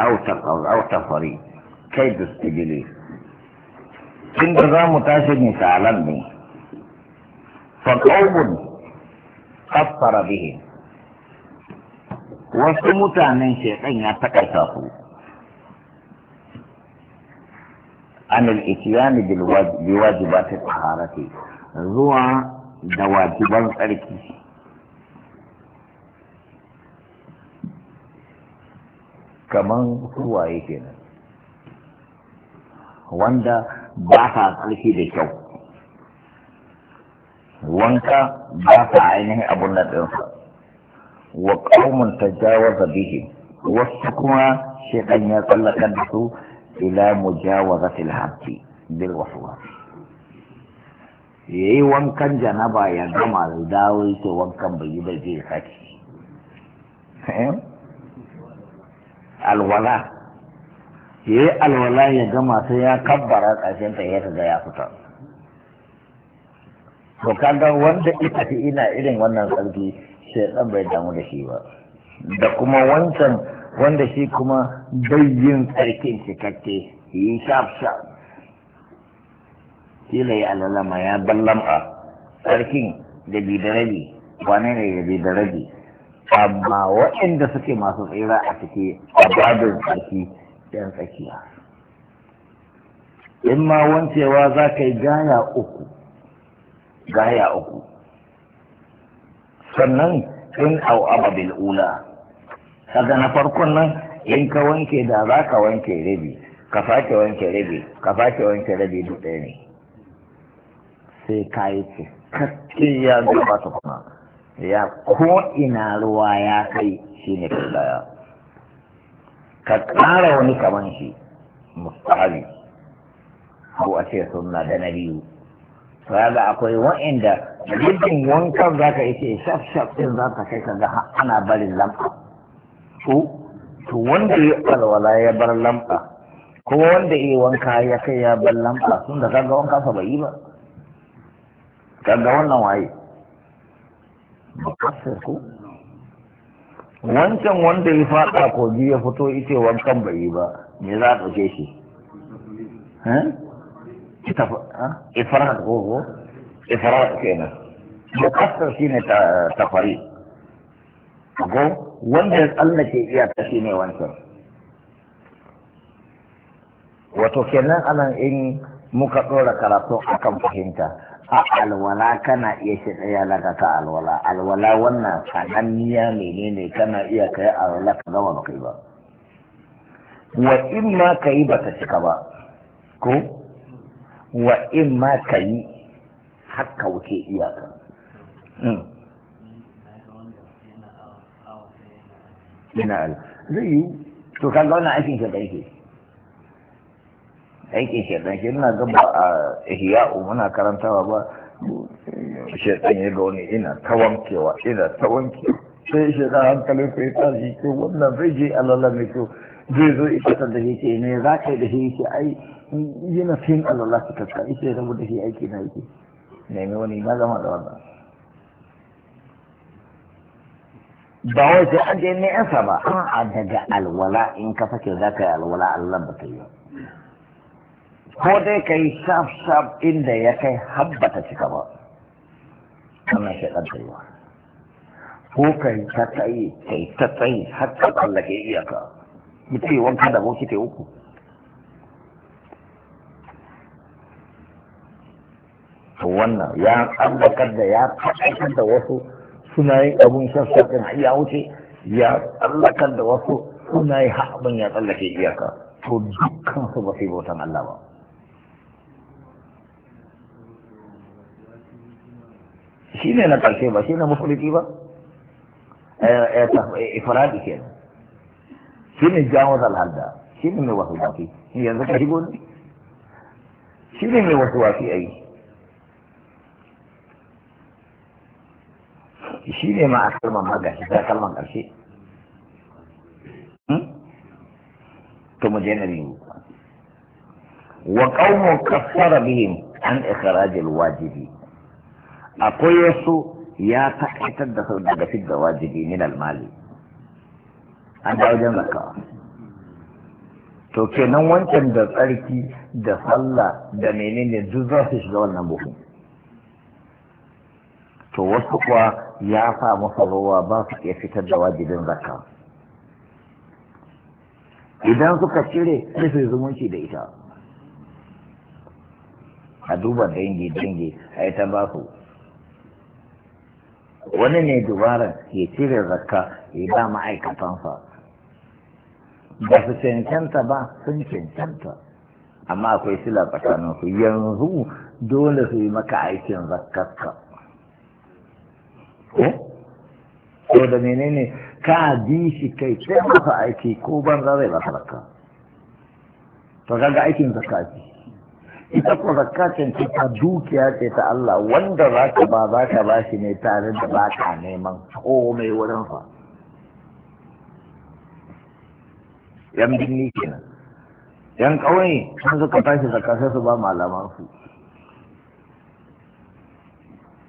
اوتر او تفري كي تستجلي استجلي كنت ذا متاسد مثالا بي فالقوم قصر به وسمتا من شيخين يتكسفوا عن الاتيان بواجبات الطهارة زوا دواجب الطهارة kaman suwaye kenan wanda ba sa tsarki da kyau wanka ba sa ainihin abun da ɗinsa wa ƙaumin da bihi wasu kuma shekan ya tsallaka da su ila mujawazatil haqqi bil Ya yi wankan janaba ya gama da dawo yake wankan bai yi ba zai sake eh? alwala ya yi alwala ya gama sai ya kabbara ƙarshen ta ya ga ya fita to kaga wanda ita fi ina irin wannan sarki ɗan bai damu da shi ba da kuma wancan wanda shi kuma bai yin tsarkin cikakke yi shaf shaf kila ya alalama ya ballam'a tsarkin da bidarabi wane ne da bidarabi amma waɗanda suke masu tsira a ciki a babin tsaki yan tsakiya in ma wancewa za ka yi gaya uku gaya uku sannan in au ababil ula kaga na farkon nan in ka wanke da za ka wanke rabi ka sake wanke rabi ka sake wanke rabi duk ɗaya ne sai ka yi ce ya gaba ta kuma ya ko ina ruwa ya kai shi ne kudaya ka ƙara wani kaman shi mustahabi ko a ce suna da na biyu ga akwai wa'inda jirgin wankan za ka ce shaf shaf ɗin za ka kai ka ga ana barin lamba. to to wanda ya alwala ya bar lamba, ko wanda ya wanka ya kai ya bar lamba, sun da kaga wanka sa yi ba kaga wannan waye makasar ku wancan wanda ya faɗa kogi ya fito ita wankan bai yi ba me za a ɗauke shi ifrat ko ifrat kenan makasar shi ne tafari ko wanda ya tsallake iyaka shi ne wancan wato kenan anan in muka ɗora karatu akan fahimta a alwala kana iya shi daya laka ta alwala alwala wannan sananniya menene kana iya kai alwala ka gama ba kai ba wa in ma ka yi ba ta cika ba ko wa in ma ka yi haka wuce iyaka hmm. ina zai yi to kan wannan aikin shi da yake aiki dan ke ina ga ba a ihya'u muna karantawa ba dan ya ga wani ina ta wankewa ina ta wanke sai da hankali sai ta ji ko wannan zai je alala mai ko zai zo ita da shi ke ne za ka yi da shi ai yana fin alala su kakka ita rabu da shi aiki na yake nemi wani na zama da wannan ba wai sai an je ne ba a daga alwala in ka fake za ka yi alwala Allah ba ta yi ko dai ka yi shaf shaf inda ya kai habbata cika ba wannan shi ɗan tsayewa ko ka yi ta tsaye ka yi ta tsaye har ka tsallake iyaka mutum wanka da ta uku to wannan ya tsallakar da ya tsallakar da wasu suna yin abun shaf shaf ɗin ya wuce ya tsallakar da wasu suna yi haɓin abin ya tsallake iyaka to dukkan su ba su yi bautan Allah ba. shi ne na ƙarshe ba shi ne mafuliti ba eh, eh, eh, ifiradi ke shi ne jawo zalhalda shi ne mai wasu wafi yanzu ka shigo ne shi ne mai wasu wafi a yi shi ne ma a kalmar magashi ta kalmar ƙarshe hmm? to mu je na biyu wa qaumun kaffara bihim an ikhraj alwajibi akwai wasu ya taƙaitar da sau daga fi da wajibi min almali an da wajen zakawa to kenan wancan da tsarki da sallah da menene duk za su shiga wannan buhu to wasu kuwa ya sa masa ruwa ba su iya fitar da wajibin zaka. idan suka cire sai su zumunci da ita a duba dangi dangi a ta ba su wani ne dubara ya cire zakka ya ba ma'aikatansa ba su cancanta ba sun cancanta amma akwai sila tsakanin su yanzu dole su yi maka aikin zakkarka ko da menene ka bi shi kai sai masa aiki ko banza zai ba zakka to kaga aikin zakka ita ko zakacin ce ta dukiya ce ta Allah wanda za ka ba za ka ba shi ne tare da ba ka neman komai wurin fa yan binni kenan yan ƙauye sun suka tashi zakka sai su ba malaman su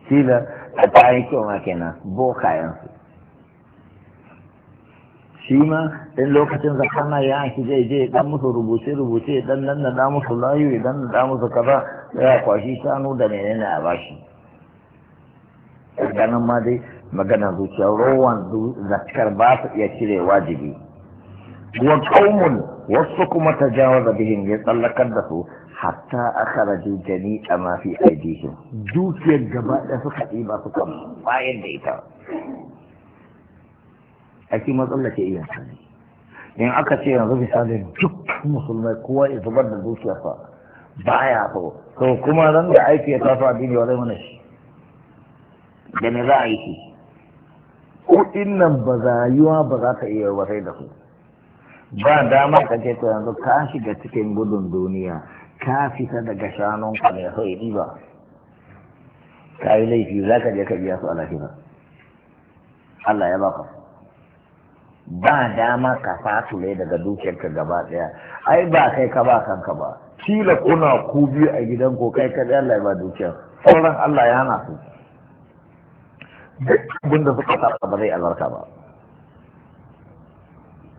shi da a ta yi kenan bokayen su shi ma in lokacin zakana ya shi zai je dan musu rubuce rubuce dan nan da musu layu dan da musu kaza ya kwashi shanu da menene a bashi ganin ma dai magana zuciya rowan zakar ba su iya cire wajibi wa qaumun wasu kuma ta da bihin ya tsallakar da su hatta akhraju a ma fi aidihim dukiyar gaba da suka ɗi ɗiba suka bayan da ita matsala ke iya ne in aka ce yanzu misali duk musulmai kowa ya zubar da Ba ya so to kuma zan da aiki ya taso addini wa zai mana shi da me za a yi shi kuɗin nan ba za yiwa ba za ta iya wasai da su ba dama ka ce to yanzu ka shiga cikin gudun duniya ka fita daga shanun ka ne so ya ba. ka yi laifi za ka je ka biya su a lafiya Allah ya baka ba dama ka fatule daga dukiyarka gaba daya ai ba kai ka ba kanka ba kila kuna ku biyu a gidan ko kai ka da Allah ba dukiya. sauran Allah ya na su duk suka saba ba zai albarka ba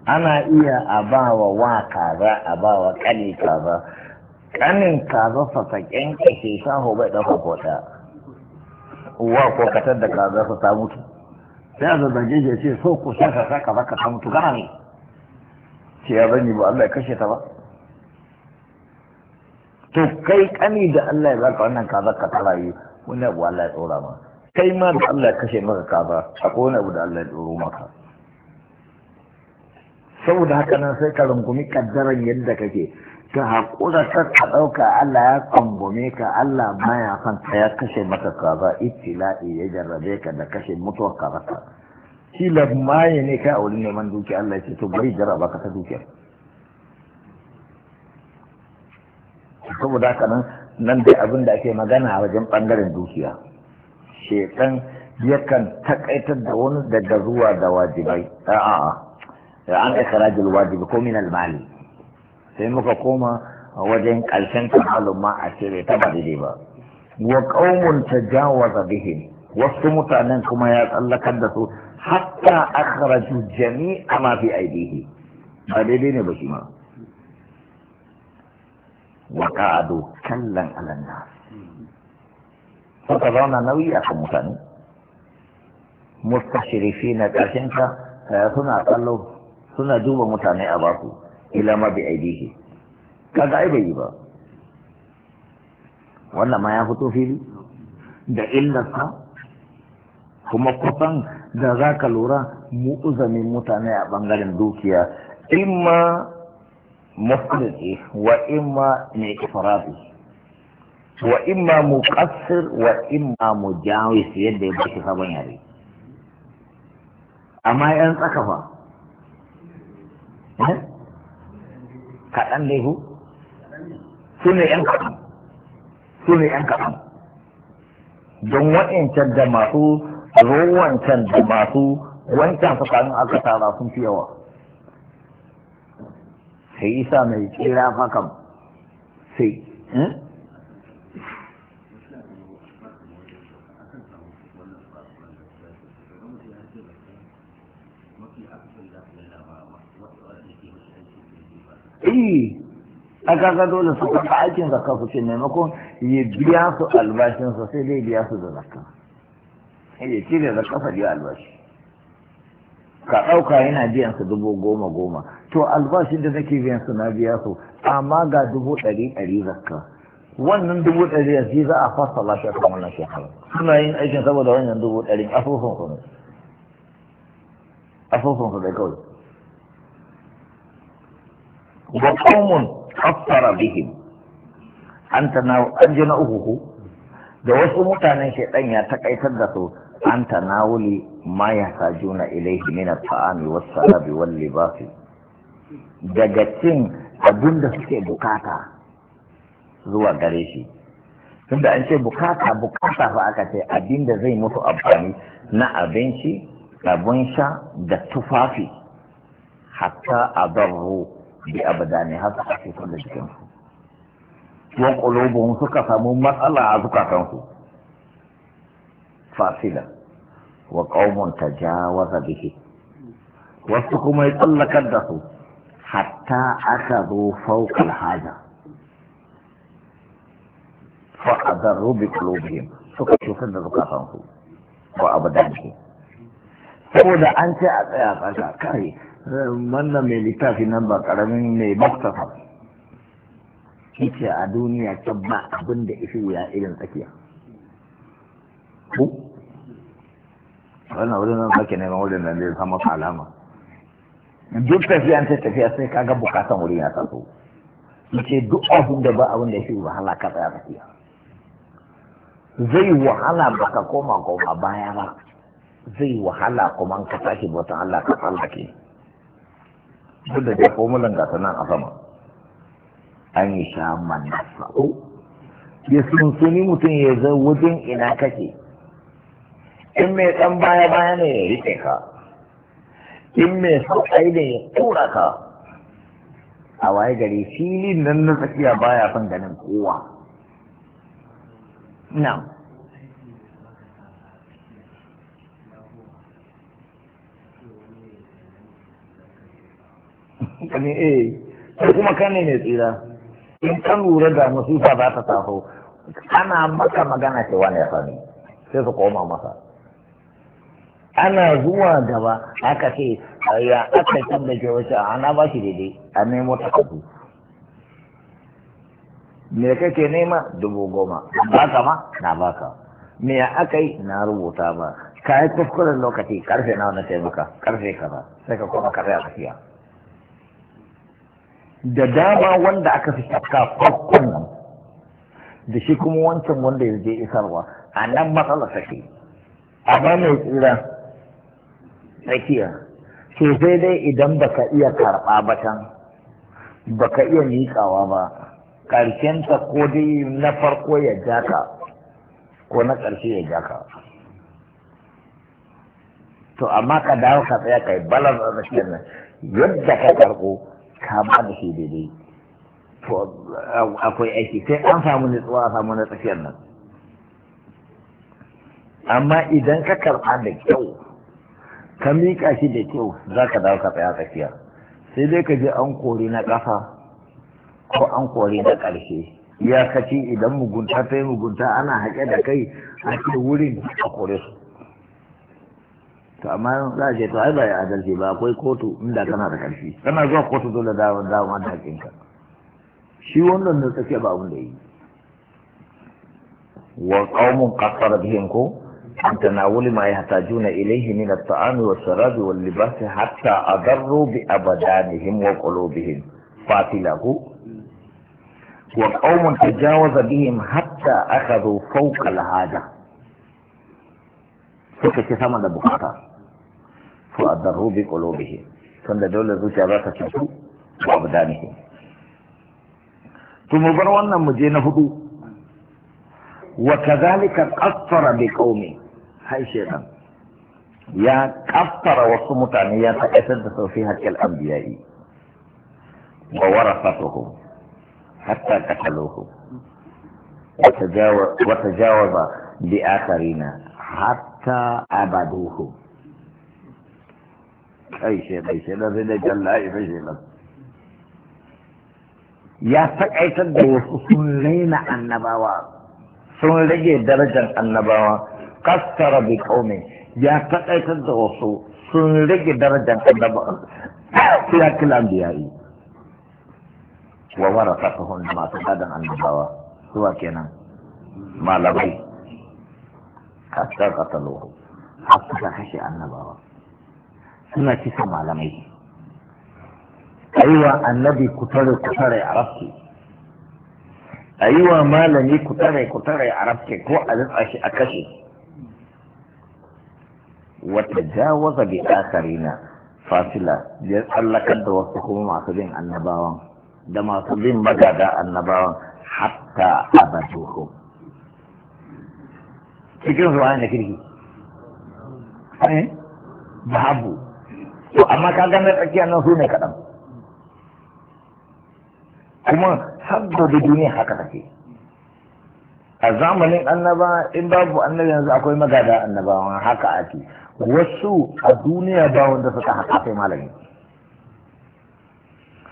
ana iya a ba wa wa kaza a ba wa kane kaza kanin kaza fasaken sa ho bai da ko ɗaya wa ko katar da kaza su ta mutu sai a zazzage ya ce so ku sai ka saka baka ta mutu gana ne ce ya bani ba Allah ya kashe ta ba to kai kani da Allah ya zaka wannan kaza ka ta rayu wani abu Allah ya tsora ma kai ma da Allah ya kashe maka kaza akwai wani abu da Allah ya tsoro maka saboda haka nan sai ka rungumi kaddaran yadda kake ka haƙura ta ka ɗauka Allah ya tsangwame ka Allah baya son ta ya kashe maka kaza itila'i ya jarrabe ka da kashe mutuwar ka rasa shi lamaye ne kai a wurin neman dukiya Allah ya ce to bari jarraba ka ta dukiya saboda haka nan nan dai abin da ake magana a wajen ɓangaren dukiya shekan yakan takaitar da wani daga zuwa da wajibai a'a an ikrajul wajibi ko min al-mali sai muka koma a wajen ƙarshen kamalun ma a ce ta ba daidai ba wa qaumun tajawaza bihim wasu mutanen kuma ya tsallakar da su hatta akhraju jami'a ma fi aidihi ba daidai ne ba shi ma wa qa'adu kallan nas suka zauna nauyi a kan mutane mustashirifina ƙarshen ka suna kallo suna duba mutane a baku ila ma bi aidihi kaga ai bai ba wannan ma ya fito fili da illarsa kuma kusan da za ka lura mu'uzamin mutane a bangaren dukiya imma mafulki wa imma ne ifarabi wa imma muqassir wa imma mujawis yadda ya baki sabon yare amma yan tsakafa eh? kaɗan ne hu su ne ‘yan kaɗan su ne ‘yan kaɗan don wa'incan da masu rowancan da masu wancan tsakanin aka tara sun fi yawa sai isa mai tsira fakam sai hmm? a kaga dole su kanta aikin zakka su ce maimakon ya biya su albashinsa sai dai biya su da zakka ya cire zakka sa biya albashi ka ɗauka yana biyan su dubu goma goma to albashin da nake biyan su na biya su amma ga dubu ɗari ɗari zakka wannan dubu ɗari a shi za a fasa lafiya kan wannan shekara suna yin aikin saboda wannan dubu ɗari asusun ku ne asusun ku kawai wa qaumun afsara bihim an tana uku da wasu mutanen shaidan ya takaitar da su an tanawuli ma sajuna ilaihi min taami was salabi wal-libas daga cin abinda suke bukata zuwa gare shi tunda an ce bukata bukata fa aka ce abin zai mutu amfani na abinci abin sha da tufafi hatta adarru بأبدا نهزح في كل جنس وقلوبهم سكفة ممت الله عزكتهم فاسدة وقوم تجاوز به وستكم يطل كدس حتى أخذوا فوق الحاجة فأضروا بقلوبهم سكفة عزكتهم وأبدا نهزح فهو ده أنت أبدا كريم wannan mai littafi nan ba karamin mai mustafa shi ce a duniya can ba abin da wuya irin tsakiya ku wannan wurin nan sake neman wurin nan zai sama alama duk tafiya ta tafiya sai kaga bukatan wurin ya taso ce duk abin da ba abin da ishi wahala ka tsaya tafiya. zai wahala ba ka koma koma baya ba zai wahala kuma ka tashi bautan Allah ka tsallake. duk da ke formulan gasa nan a sama an yi sha manasa'u oh. ya sunsuni mutum ya zo wajen ina kake in mai ɗan baya baya ne ya riƙe ka in mai sauƙai ne ya tura ka a waye gari filin nan na tsakiya baya son ganin kowa na'am kani eh ko kuma kani ne tsira in kan lura da masifa za ta taho ana maka magana ce wani ya sai su koma masa ana zuwa gaba aka ce ya aka san da ke wace ana ah, ba shi daidai a nemo me kake nema dubu goma baka ma na baka me aka yi na rubuta ba ka yi kuskuren lokaci karfe na wani taimaka karfe kaza sai ka kuma karfe a tafiya da dama wanda aka fi shakka farkon nan da shi kuma wancan wanda ya je isarwa a nan matsala take amma mai tsira tsakiya to sai dai idan baka iya karɓa ba can baka iya miƙawa ba ta ko dai na farko ya jaka ko na ƙarshe ya jaka to amma ka dawo ka tsaya kai balar da shi nan yadda ka karɓo ka ba da shi daidai to akwai aiki sai an samu nutsuwa a samu na tsakiyar nan amma idan ka karɓa da kyau ka miƙa shi da kyau za ka dawo ka tsaya tsakiya sai dai ka je an kori na ƙasa ko an kori na ƙarshe ya kaci idan mugunta ta yi mugunta ana haƙe da kai a ce wurin a kore su to amma za a ce to ai ba ya adalci ba akwai kotu inda kana da karfi kana zuwa kotu dole da dama da ka. shi wannan da tsakiya ba abin da yi wa qaumun qassara bihim ko an tanawuli ma yahtajuna ilayhi min at-ta'ami was-sharabi wal-libas hatta adarru bi abadanihim wa qulubihim fatilahu wa qaumun tajawaza bihim hatta akhadhu fawqa al-haja suka ci sama da bukata فأضروا بقلوبه كم دول ذو شابات الشمس وأبدانه ثم بروانا مجينا هدو وكذلك قصر بقومي هاي شيطان يا قصر وصمتاني يا تأسد فيها كالأنبياء وورثته حتى قتلوهم وتجاوز بآخرين حتى أبدوهم kai shi bai shi da sai da jalla ya fashe nan ya takaitar da wasu sun raina annabawa sun rage darajar annabawa kastara bi kaumin ya takaitar da wasu sun rage darajar annabawa sai ya kila da yayi wa warasa ta hundu masu gadon annabawa zuwa kenan malamai kasar katalwa har suka kashe annabawa suna cika malamai aiwa annabi kutare kutare a rafke aiwa malami kutare kutare a rafke ko a zutsa shi a kashe wata jawaza bi akarina fasila ya tsallakar da wasu kuma masu bin annabawan da masu bin magada annabawan hatta abatuhu cikin zuwa ne kirki eh? babu to amma ka gane tsakiyar nan su ne kaɗan kuma da duniya haka take a zamanin annaba in babu annabi yanzu akwai magada annabawa haka ake wasu a duniya ba wanda suka haka sai malami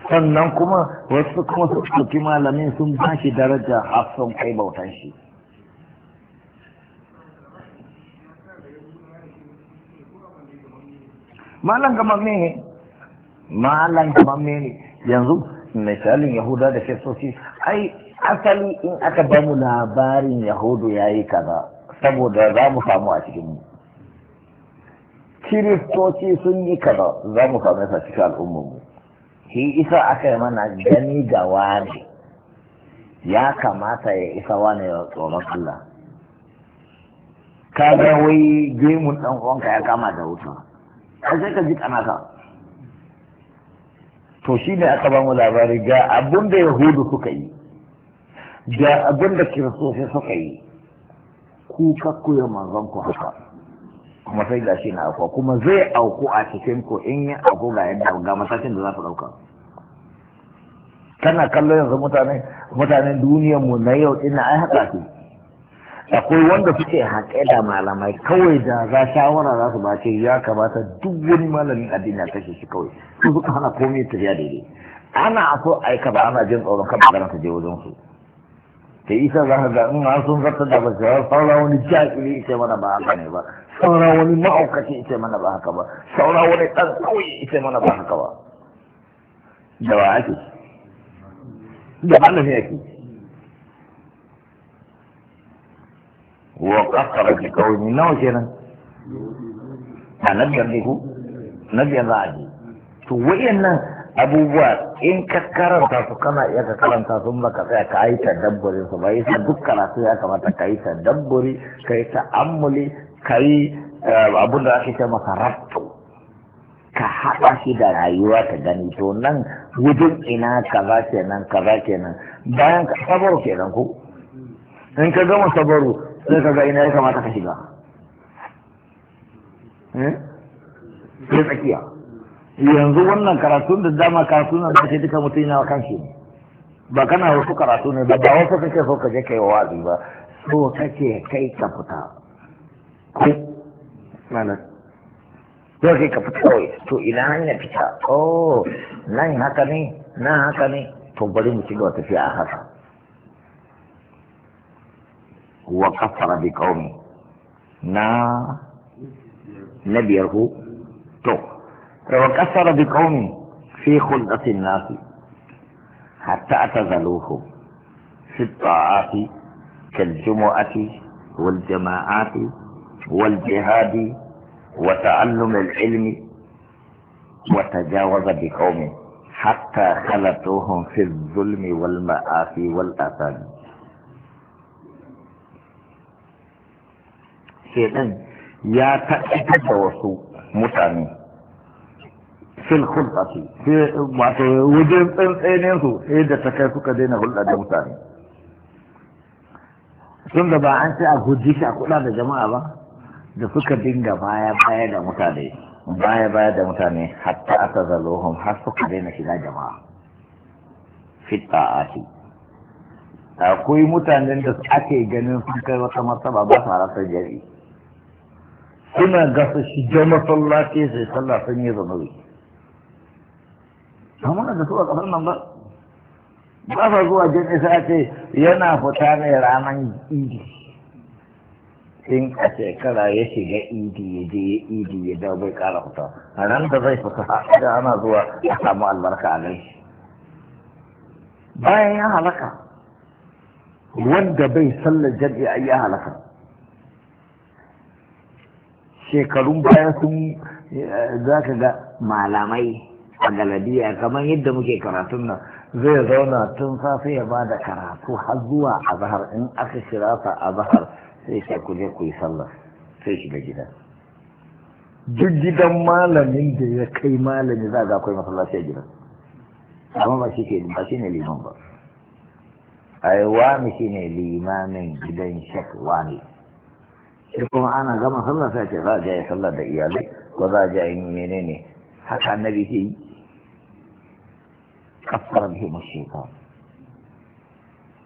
sannan kuma wasu kuma su ɗauki malamin sun ba shi daraja hafsan kai bautan shi malan kamar ne malan ne yanzu misalin yahuda da kiristoci ai asali in aka ba mu labarin yahudu ya yi kaza saboda za mu samu a cikin mu kiristoci sun yi kaza za mu samu a cikin al'ummar mu shi isa aka yi mana gani ga wani ya kamata ya isa wani ya tsoron Allah ka ga wai gemun ɗan uwanka ya kama da wuta a sai ka ji kana to shi ne aka ba mu labari ga abin da yahudu suka yi ga abin da kiristoci suka yi ku ya manzon ku haka kuma sai gashi na akwa kuma zai auku a cikin ku in yi auku ga yadda ga matakin da za su ɗauka kana kallon yanzu mutane mutanen duniyar mu na yau ina ai haka ce akwai wanda suke haƙe da malamai kawai da za shawara za su ba ce ya kamata duk wani malamin addini a kashe shi kawai su suka hana komai tafiya daidai ana so aika ba ana jin tsoron kan magana ta je wajen su ta isa za ka ga in sun zartar da basu ya saura wani jahili ita mana ba haka ne ba saura wani ma'aukaci ita mana ba haka ba saura wani ɗan kawai ita mana ba haka ba da ba ake da malami ake wa kasara ki kawai nawa kenan a na biyar ku na biyar za to wayannan abubuwa in ka karanta su kana iya ka karanta sun ka tsaya ka yi tadabburin su bai sa duk karatu ya kamata ka yi dabbori, ka yi amuli, ka yi eh, abin da ake ce masa ka haɗa shi da rayuwa ta gani to nan wajen ina kaza kenan kaza kenan bayan ka sabaru kenan ko in ka gama sabaru sai ka ga ina ya kamata ka shiga eh? sai tsakiya yanzu wannan karatun da dama karatu na da duka mutum yana kan shi ba kana wasu karatu ne ba ba wasu kake so ka je kai wa wazi ba so kake kai ka fita ko mana ko kai ka fita kawai to ina hanyar fita oh nan haka ne nan haka ne to bari mu ci gaba tafiya a haka وكفر بقومه نا نبيه تو وكفر بقومه في خلقة الناس حتى اتزلوه في الطاعات كالجمعة والجماعات والجهاد وتعلم العلم وتجاوز بقومه حتى خلطوهم في الظلم والمآسي والآثام shedan ya taƙaitar da wasu mutane fil hulɗati wato wajen tsantsenin su sai da ta kai suka daina hulɗa da mutane tun da ba an ce a guji shi a kula da jama'a ba da suka dinga baya baya da mutane baya baya da mutane hatta aka zalohun har suka daina shiga jama'a fita'ati akwai mutanen da ake ganin sun kai wata martaba ba su halartar jari'i Kuna gasa shi jama masallaci sai sallah sun yi zanawi amma da zuwa a nan ba ba fa zuwa jin isa ce yana fita ne ranar idi in a shekara ya shiga idi ya je ya idi ya dawo bai ƙara fita a nan da zai fita da ana zuwa a samu albarka a gai bayan ya halaka wanda bai sallar jam'i ya halaka shekarun baya sun eh, za ka ga malamai a galadiya kamar yadda muke karatun nan zai zauna tun safe ya ba da karatu har zuwa zahar in aka shira sa azhar sai sai ku je ku yi sallah sai shiga gida duk gidan malamin da ya kai malami za ga akwai masallaci a gidan amma ba shi ke ba shi ne liman ba ai wani shi ne limamin gidan shek wani shi kuma ana gama sallah sai ce za a je sallah da iyalai ko za a je yin menene haka annabi ke yi kafara bihi mashika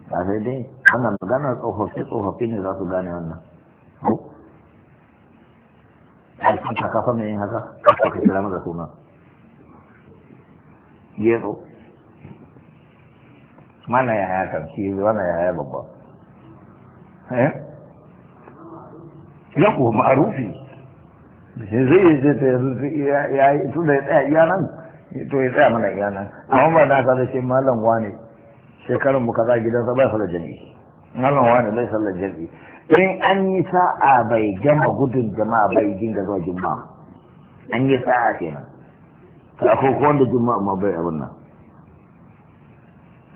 ba sai dai ana magana tsofaffi tsofaffi ne za su gane wannan ko alfin ka kafa mai yin haka ka kira maza suna gero mana yaya kan shi mana yaya babba eh yako ma'arufi zai ce ta yanzu ya yi tun da ya tsaya iya nan to ya tsaya mana iya nan amma ba na kada ce malam wane shekarun mu kaza gidansa bai sallar jami'i malam wane bai sallar jami'i in an yi sa'a bai gama gudun jama'a bai dinga zuwa juma'a an yi sa'a kenan ta ko wanda juma'a ma bai abin nan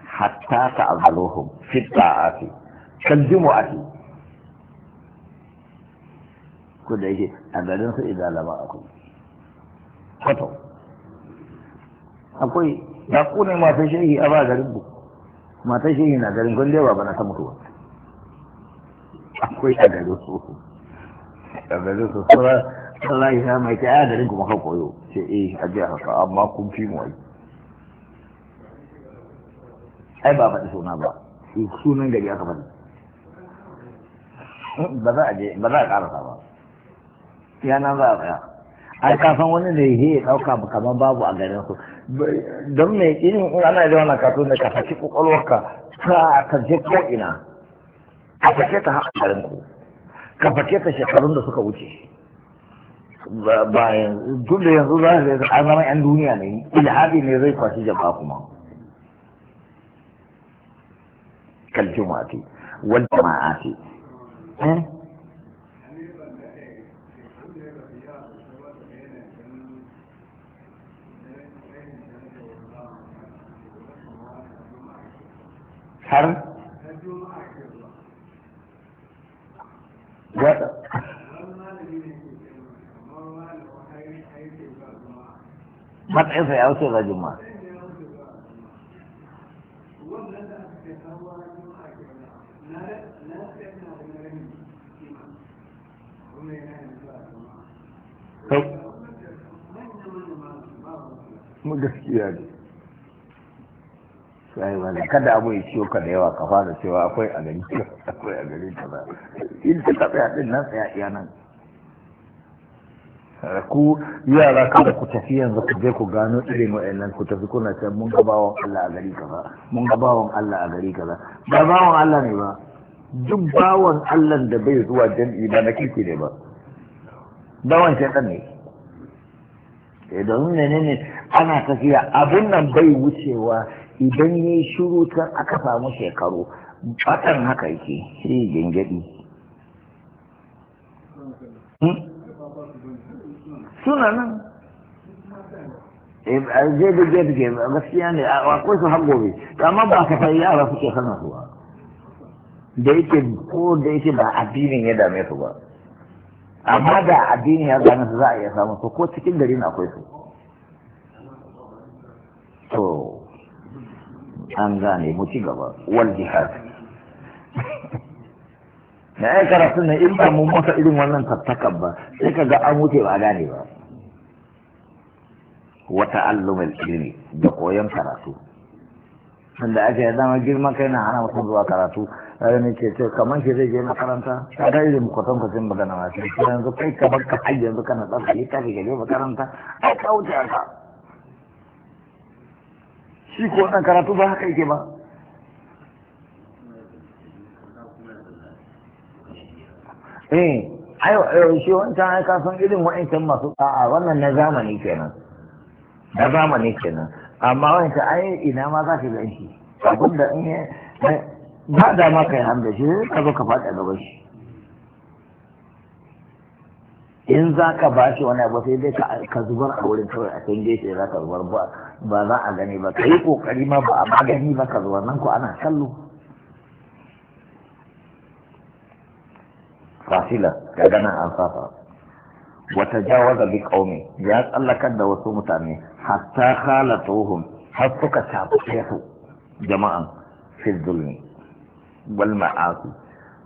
hatta ta azaluhum fi ta'ati kal jumu'ati ko da yake a garin su idalaba akwai kwato akwai ya kone matan shehi a ba garin ku matan shehi na garin kun ba bana ta mutuwa akwai a garin su a garin su sura Allah ya mai ta a garin kuma ka koyo ce eh a ji haka amma kun fi mu ai ai ba faɗi suna ba sunan gari aka faɗi ba za a je ba za a ƙarasa ba ya za a tsaya ai kafin wani da ya ya ɗauka kamar babu a garin su don me irin in ana yi wannan kato da ka saki kwakwalwarka ta ka je ko ina ka fake ta har garin ku ka fake ta shekarun da suka wuce bayan duk da yanzu za su an zama yan duniya ne ilhadi ne zai kwashi jama'a kuma kaljumati wal jama'ati eh har matsayinsa ya wuce ga juma'a gaskiya ne kada abu ya ciwo ka da yawa ka fara cewa akwai a gari akwai a gari kaza in ta tsaya ɗin nan a iya nan ku yara kada ku tafi yanzu ku je ku gano irin wa'annan ku tafi kuna can mun ga bawon Allah a gari kaza mun ga bawon Allah a gari kaza ba bawon Allah ne ba duk bawon Allah da bai zuwa jam'i ba na kirki ne ba bawon shaitan ne idan ne ne ana tafiya abun nan bai wucewa idan ya yi shuru can aka samu shekaru batan haka yake shi gingadi hmm? suna nan eh, a zai da gaskiya ne akwai su har gobe amma ba ka sai yara suke sana su ba da yake ko da yake ba addinin ya dame su ba amma da addinin ya gane su za a iya samun su ko cikin gari na akwai su to an gane mu ci gaba wal jihad na ai karatu nan in ba mu masa irin wannan tattakan ba sai ka ga an wuce ba gane ba wata allumar ilimi da koyon karatu da ake da dama girma kai na hana mutum zuwa karatu ne ke ce kamar shi zai je makaranta ta ga irin kwatan kwatan magana ma sai yanzu kai kamar ka har yanzu kana ɗauka littafi ka je makaranta ai ka wuce ka shi ko wannan karatu ba haka yake ba eh ayo eh, shi wancan ai ka san irin wa'ancan masu a'a wannan na zamani kenan na zamani kenan amma wancan ai ina ma za ka ganshi? shi abinda in ba da ma kai hamda shi ka zo ka faɗa gaban shi in za ka ba shi wani abu sai dai ka zubar a wurin kawai a can gefe za ka zubar ba za a gani ba ka yi kokari ma ba a magani ba ka zubar nan ko ana kallo fasila ga gana an fafa wata jawaza bi qaumi ya tsallakar da wasu mutane hatta tsohon har suka tafi su jama'an fizzulmi wal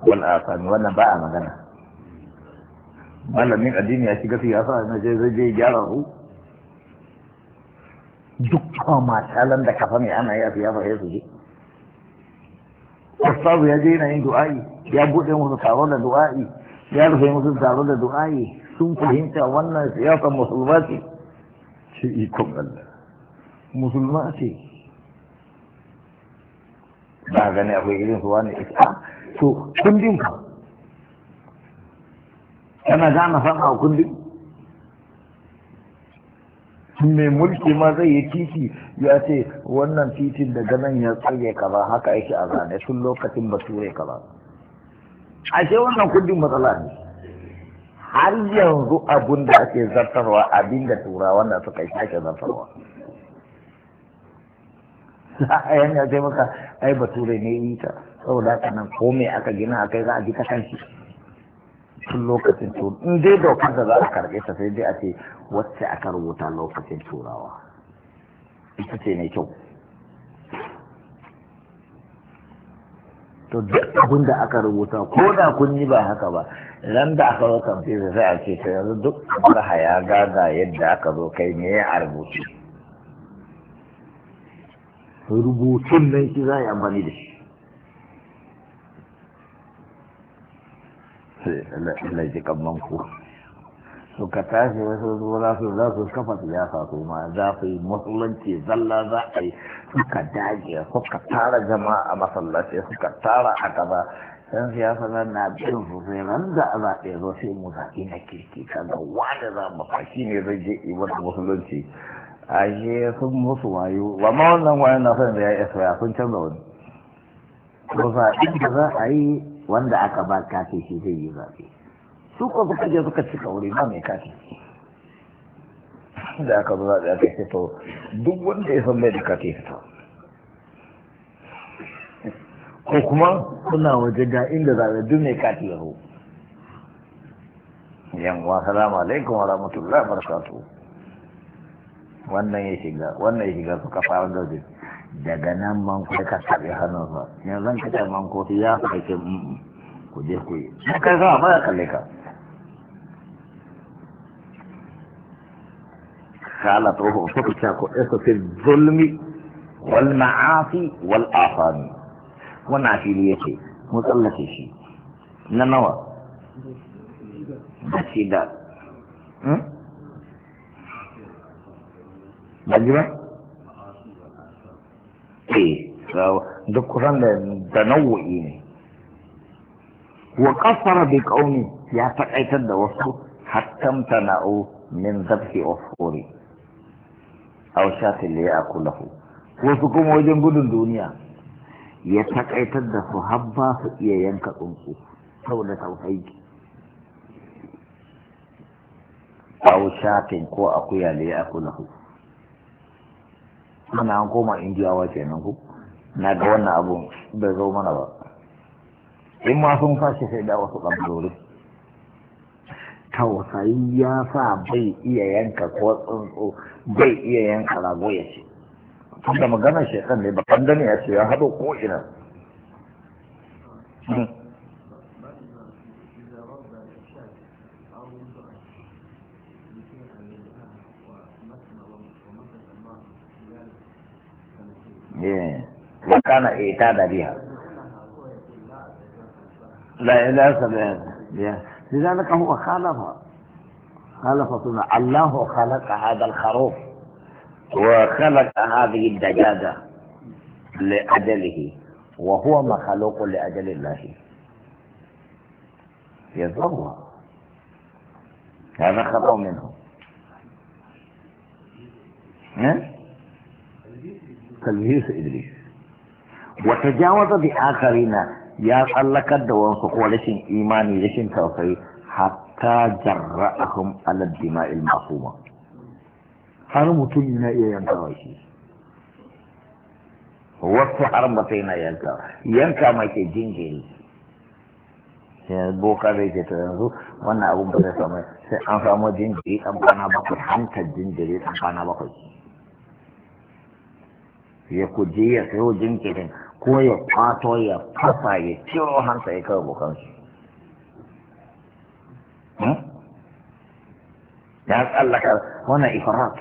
wal asami wannan ba a magana malamin addini ya shiga siyasa na je zai je gyara duk dukkan matalan da kafa mai ana ya siyasa ya su je ustazu ya je yana yin du'a'i ya buɗe musu taro da du'a'i ya rufe musu taro da du'a'i sun fahimta wannan siyasa musulma ce ce ikon Allah musulma ce ba gani akwai irin su wani ita ah, to kun dinka kana gane sana'a kullum mai mulki ma zai yi titi ya ce wannan titin daga nan ya tsaye ba haka yake a zane tun lokacin bature a ashe wannan kudin matsala ne har yanzu abun da ake zartarwa abin da turawan da suka yi sake zartarwa yan ya ce maka ai bature ne yi ta saboda da ko aka gina akai za a ji kasance tun lokacin turawa in dai dokar da za a karɓe ta sai dai a ce wacce aka rubuta lokacin turawa ita ce mai kyau to duk abin da aka rubuta ko da kun yi ba haka ba nan da aka zo fesa sai a ce ta yanzu duk barha ya gaga yadda aka zo kai ne ya a rubutu rubutun nan shi za a yi amfani da shi Allah ji kamman ku suka tashi wasu zuwa za kafa siyasa su ma za su yi zalla za a yi a masallaci yan siyasa nan na bin su nan da a zaɓe zo sai mu zaɓi na kirki wanda za mu fashi ne zai je musulunci a je sun musu wayo ba wannan wayan na son da ya isa sun canza wani. Ba za a yi wanda aka ba kafin shi zai yi zaɓe su ko suka je suka cika wuri ba mai kafin da aka zo zaɓe aka fito duk wanda ya san mai da kafin fito ko kuma suna waje ga inda zaɓe duk mai kafin ya zo yanwa salamu alaikum wa rahmatullahi wa barakatuhu wannan ya shiga wannan ya shiga suka fara da daga nan manko ka tabi hannunsa yanzu ka ce manko ya faɗi ku je ku yi kai sama ba ya kalle ka قال طوه فقط قصة في الظلم والمعاصي والآثام وانا في ليتي مطلقي شيء ننوى بسيدة بجمع eh duk kusan da nau'i ne wa kasara bi kauni ya takaitar da wasu hattam tana'u min zafi ofori. aw li wasu kuma wajen gudun duniya ya takaitar da su habba su iya yanka tsuntsu saboda tausayi aw shatin ko akuya li yakulahu mana an koma indiyawa kenan ku na ga wannan abun bai zo mana ba in ma sun fashe sai da wasu ɓangarori tausayi ya sa bai iya yanka ko tsuntsu bai iya yanka rago ya ce Da magana shekan ne ba kan ya ce ya haɗo ko ina hmm. كان اعتاد بها لا لا لذلك هو خالف خالف صنع الله خلق هذا الخروف وخلق هذه الدجاجة لأجله وهو مخلوق لأجل الله يظهر هذا خطأ منه تلبيس إدريس wata jawaza bi akarina ya tsallakar da wansu ko rashin imani rashin tausayi hatta jarra jarra'ahum ala dima'il masuma har mutum yana iya yankawa shi wasu har mutum yana yankawa yanka mai ke jinjiri sai boka zai ke ta yanzu wannan abun ba zai samu sai an samu jinjiri dan kwana bakwai hantar jinjiri dan kwana bakwai ya kuje ya sayo jinjirin ko ya fato ya fasa ya ciro hansa ya kawo bukan shi hmm? ya tsallaka wannan ifarat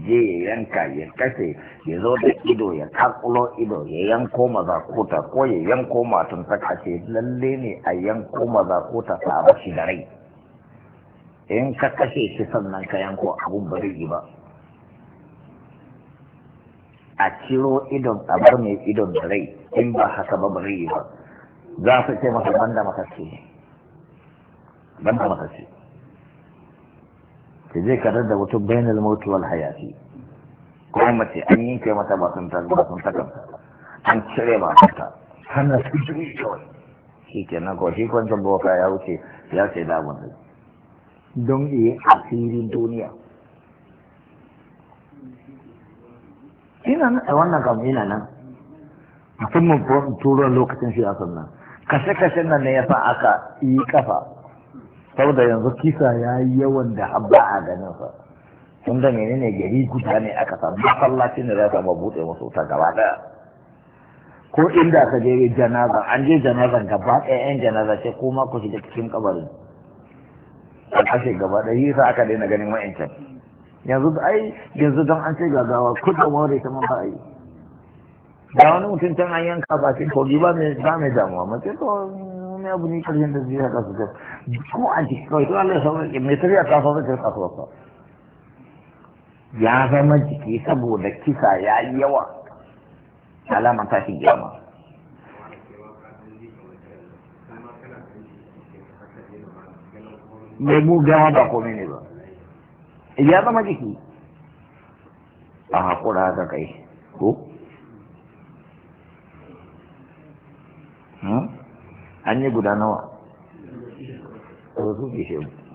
je ya yanka ya kashe ya zo da ido ya kakulo ido ya yanko maza kuta, ko ya yanko matun saka ce lalle ne a yanko maza kuta ta rashi da rai in ka kashe shi sannan ka yanko abun ba ba a ciro idon a bar mai idon da rai in ba haka ba ba rai ba za su ce masa banda makarci ne banda makarci ta zai kadar da mutum bainal mutuwar hayati ko mace an yi kai mata ba ta ba takan an cire ba ta hana su jiri kawai shi ke nan kawai shi kwancin boka ya wuce ya ce damun don iya asirin duniya ina nan wannan kamar ina nan musamman turon lokacin siyasan nan kashe kashe nan ne ya sa aka yi kafa saboda yanzu kisa ya yi yawan da habba a ganin sa tun da menene gari guda ne aka samu masallaci ne za ta buɗe masu ta gaba ɗaya, ko inda aka je janaza an je janazan gaba ɗaya yan janaza ce ko ma ku shiga cikin kabarin a kashe gaba ɗaya yi sa aka daina ganin wa'ancan yanzu ai yanzu don an ce gagawa kudin more ta man ba yi da wani mutum can an yanka bakin kogi ba mai damuwa mace to mai abu ne karshen da zai haka su ta ko a jiki kawai to Allah ya sauka ke mai tafiya ta sauka ta kasuwa ka ya zama jiki saboda kisa ya yi yawa alama ta shi girma mai mu gama ba komai ne ba ya zama jiki a haƙura ga kai ko hmm? an yi guda nawa su ke